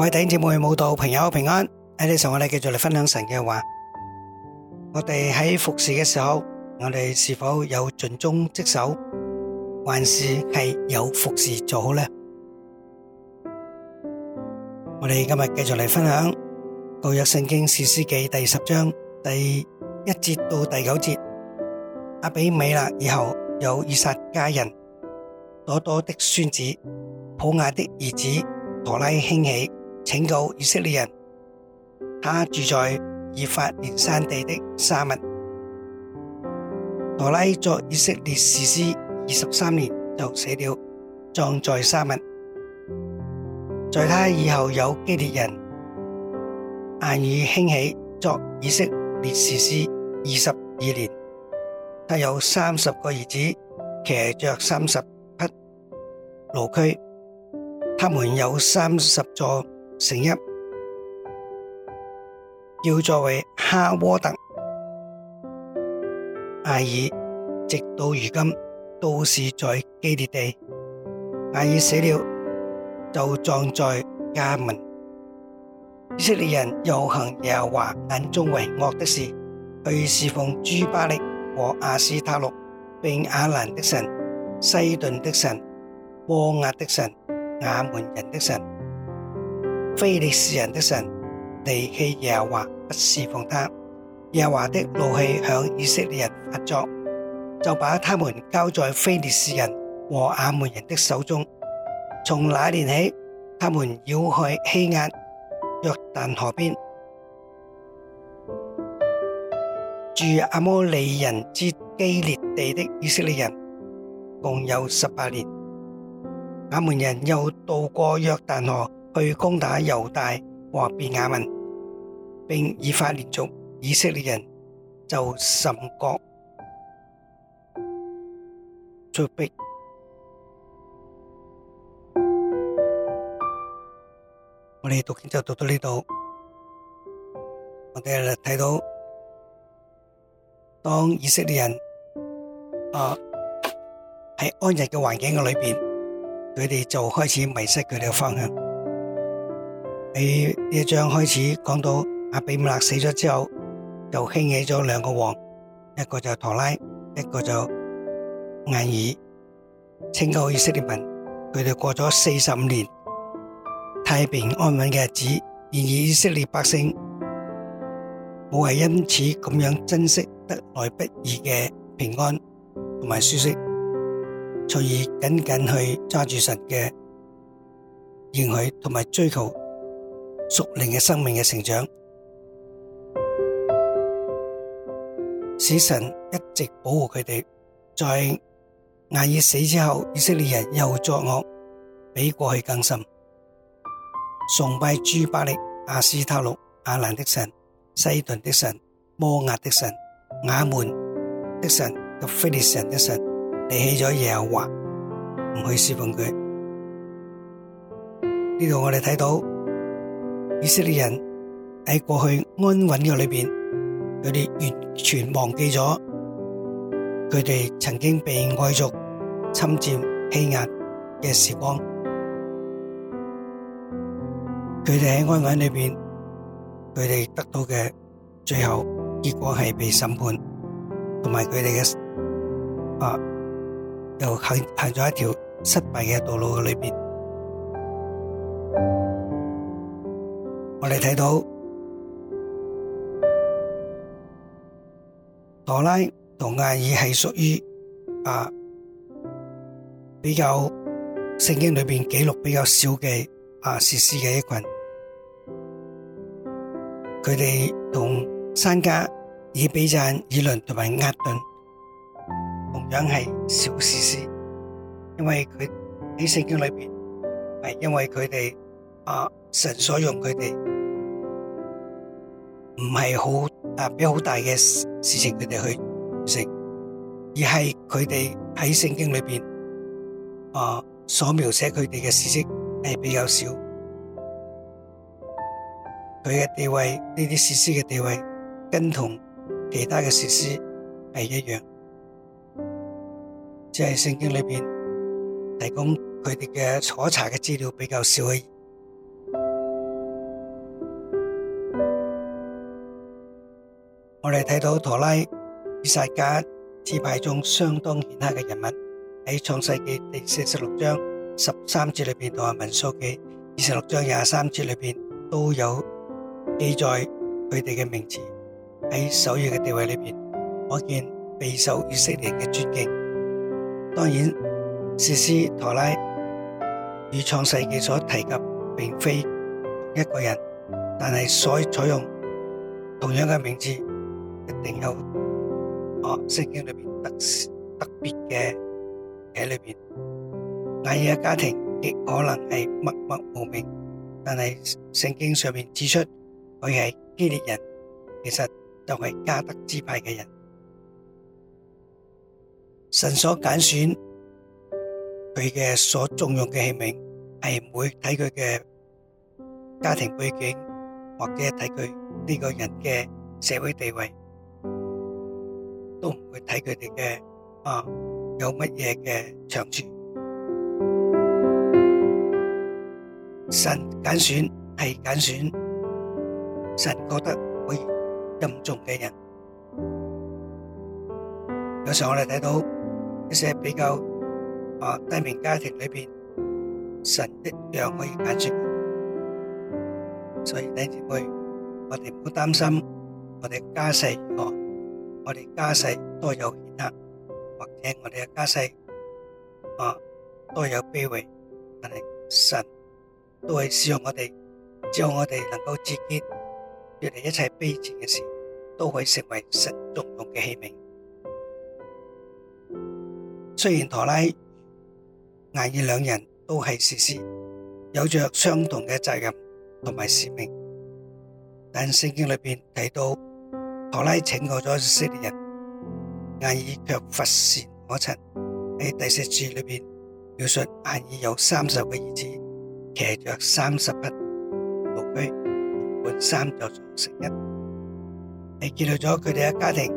各位弟兄姊妹、慕道朋友平安。喺呢時候我哋繼續嚟分享神嘅話，我哋喺服侍嘅時候，我哋是否有盡忠職守，還是係有服侍做好呢？我哋今日繼續嚟分享舊約聖經士師記第十章第一節到第九節。阿比米勒以後有以撒家人朵朵的孫子普雅的兒子陀拉興起，拯救以色列人，他住在以法蓮山地的沙文。羅拉作以色列士師二十三年就死了，葬在沙文。在他以後有基列人亞爾興起作以色列士師二十二年，他有三十個兒子，騎着三十匹驢駒，他們有三十座。成一，叫作哈沃特、艾爾，直到如今都是在基列地。艾爾死了，就葬在加們。以色列人又行耶和華眼中為惡的事，去侍奉朱巴力和亞斯塔錄，並亞蘭的神、西頓的神、摩押的神、亞門人的神。非利士人的神，地氣耶和華不侍奉他，耶和華的怒氣向以色列人發作，就把他們交在非利士人和亞門人的手中。從那年起，他們繞去希亞約旦河邊，住阿摩利人之基列地的以色列人，共有十八年。亞門人又渡過約旦河。去攻打猶大和便雅憫，並以法蓮族以色列人就甚覺懼怕。我哋讀經就讀到呢度，我哋睇到當以色列人啊喺安逸嘅環境嘅裏邊，佢哋就開始迷失佢哋嘅方向。喺呢一章開始講到阿比米勒死咗之後，又興起咗兩個王，一個就陀拉，一個就睚珥。拯救以色列民，佢哋過咗四十五年太平安穩嘅日子，然而以色列百姓冇係因此咁樣珍惜得來不易嘅平安同埋舒適，從而緊緊去抓住神嘅應許同埋追求屬靈嘅生命嘅成長。以色列人喺過去安穩嘅裏邊，佢哋完全忘記咗佢哋曾經被外族侵占欺壓嘅時光。佢哋喺安穩裏邊，佢哋得到嘅最後結果係被審判，同埋佢哋嘅啊又行行咗一條失敗嘅道路裏邊。我哋睇到，陀拉同睚珥係屬於啊比較聖經裏邊記錄比較少嘅啊士師嘅一群。佢哋同珊迦、以比讚、以倫同埋押頓，同樣係小士師，因為佢喺聖經裏邊係因為佢哋啊神所用佢哋。唔係好誒，俾好大嘅事情佢哋去完成，而係佢哋喺聖經裏邊啊所描寫佢哋嘅事蹟係比較少，佢嘅地位，呢啲士師嘅地位跟同其他嘅士師係一樣，只係聖經裏邊提供佢哋嘅坐查嘅資料比較少。我哋睇到陀拉，以薩迦支派中相當顯赫嘅人物，喺創世紀第一定有哦，聖經裏邊特特別嘅喺裏邊。睚珥嘅家庭極可能係默默無名，但係聖經上面指出佢係基列人，其實就係加得支派嘅人。神所揀選佢嘅所重用嘅器皿，係唔會睇佢嘅家庭背景，或者睇佢呢個人嘅社會地位。都唔會睇佢哋嘅啊，有乜嘢嘅長處。神揀選係揀選神覺得可以任重嘅人。有時我哋睇到一些比較啊低微家庭裏邊，神一樣可以揀選。所以弟兄姊妹，我哋唔好擔心我哋家世如何。我哋家世多有顯赫，或者我哋嘅家世啊多有卑微，但係神都係使用我哋，只要我哋能夠自潔，脫離一切卑賤嘅事，都會成為神榮耀嘅器皿。雖然陀拉、艾爾兩人都係士師，有着相同嘅責任同埋使命，但聖經裏邊提到。托拉拯救咗以色列人，亞爾卻乏善可陳。喺第十四節裏邊描述亞爾有三十個兒子，騎着三十匹驢，有三十座城邑，係建立咗佢哋嘅家庭，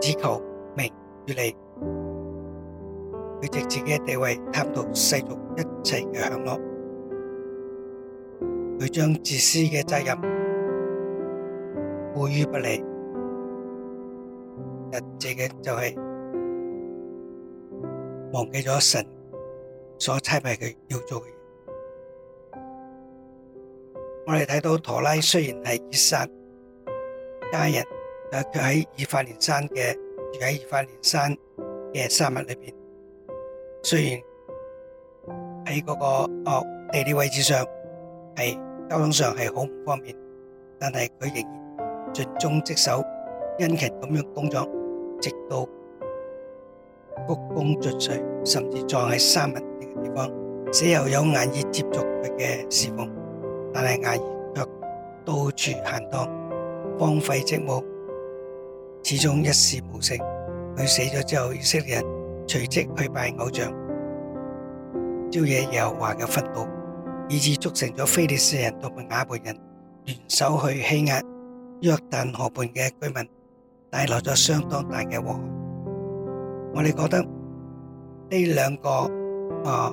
只求名與利，佢藉自己嘅地位貪圖世俗一切嘅享樂，佢將自私嘅責任。過於不利，實際嘅就係忘記咗神所差派佢要做嘅嘢。我哋睇到陀拉雖然係以薩迦人，但佢喺以法蓮山嘅住喺以法蓮山嘅山脈裏邊，雖然喺嗰個哦，地理位置上係交通上係好唔方便，但係佢仍然，盡忠職守，殷勤咁樣工作，直到鞠躬盡瘁，甚至葬喺沙密呢個地方。死後有睚珥接續佢嘅侍奉，但係睚珥卻到處閒蕩，荒廢職務，始終一事無成。佢死咗之後，以色列人隨即去拜偶像，朝野耶和華嘅憤怒，以致促成咗非利士人同亞伯人聯手去欺壓。約旦河畔嘅居民帶來咗相當大嘅禍。我哋覺得呢兩個啊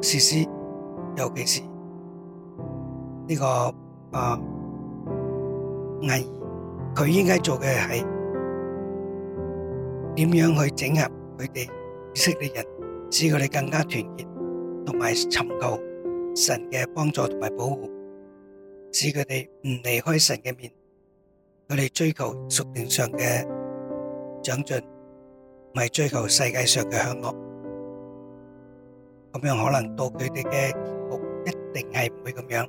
設施，尤其是呢個啊危，佢應該做嘅係點樣去整合佢哋識嘅人，使佢哋更加團結，同埋尋求神嘅幫助同埋保護，使佢哋唔離開神嘅面。佢哋追求屬靈上嘅長進，唔係追求世界上嘅享樂，咁樣可能到佢哋嘅結局一定係唔會咁樣。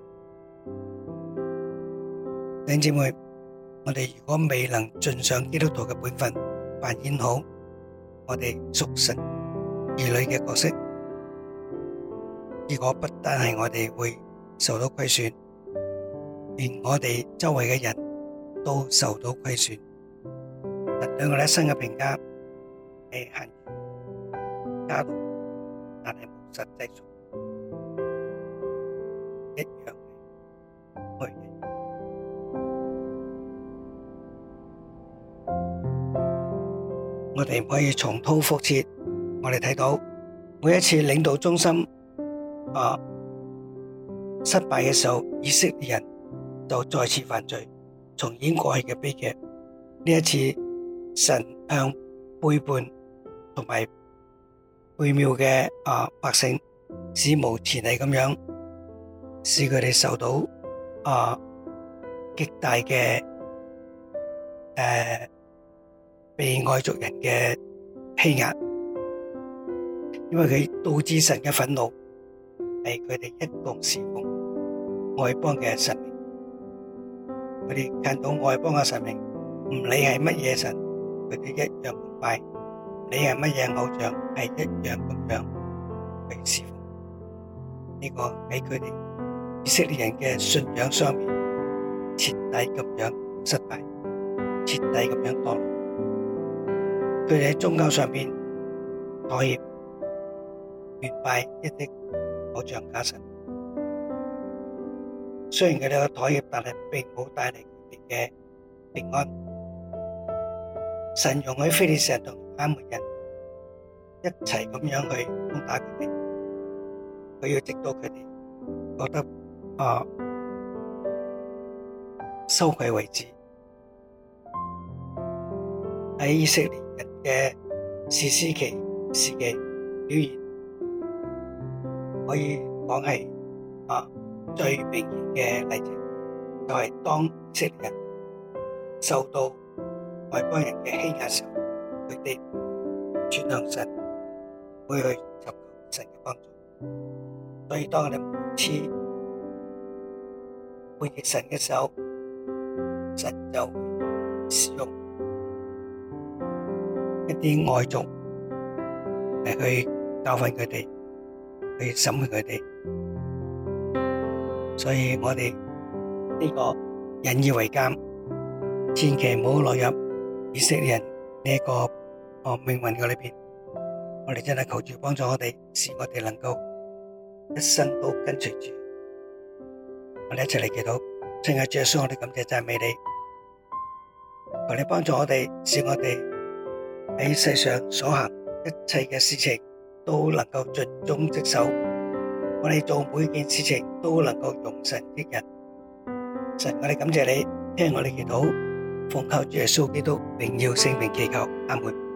弟兄姊妹，我哋如果未能盡上基督徒嘅本分，扮演好我哋屬神兒女嘅角色，結果不單係我哋會受到虧損，連我哋周圍嘅人。都受到虧損，對佢哋一生嘅評價係很低，但係冇實際做一樣嘅，我哋唔可以重蹈覆轍，我哋睇到每一次領導中心啊失敗嘅時候，以色列人就再次犯罪。重演過去嘅悲劇，呢一次神向背叛同埋背謬嘅啊百姓，史無前例咁樣，使佢哋受到啊極大嘅誒被外族人嘅欺壓，因為佢導致神嘅憤怒，係佢哋一共侍奉外邦嘅神明。佢哋看到外邦嘅神明，唔理係乜嘢神，佢哋一樣拜，唔理係乜嘢偶像，係一樣咁樣被侍奉。呢個喺佢哋以色列人嘅信仰上面徹底咁樣失敗，徹底咁樣墮落。佢哋喺宗教上面可以亂拜一啲偶像假神。雖然佢哋妥協，但係並冇帶嚟佢哋嘅平安。神容許非利士人同亞捫人一齊咁樣去攻打佢哋，佢要直到佢哋覺得啊羞愧為止。喺以色列人嘅士師記時期，表現可以講係。最明顯嘅例子，就係當以色列人受到外邦人嘅欺壓時候，佢哋轉向神，會去尋求神嘅幫助。所以當佢哋每次背棄神嘅時候，神就會使用一啲外族嚟去教訓佢哋，去審判佢哋。所以我哋呢個引以為鑑，千祈唔好落入以色列人呢個哦命運嘅裏邊。我哋真係求主幫助我哋，使我哋能夠一生都跟隨主。我哋一齊嚟祈禱，親愛主耶穌，我哋感謝讚美你，求你幫助我哋，使我哋喺世上所行一切嘅事情都能夠盡忠職守。我哋做每件事情都能夠榮神益人，神，我哋感謝你聽我哋祈禱，奉靠主耶穌基督榮耀聖名祈求，阿門。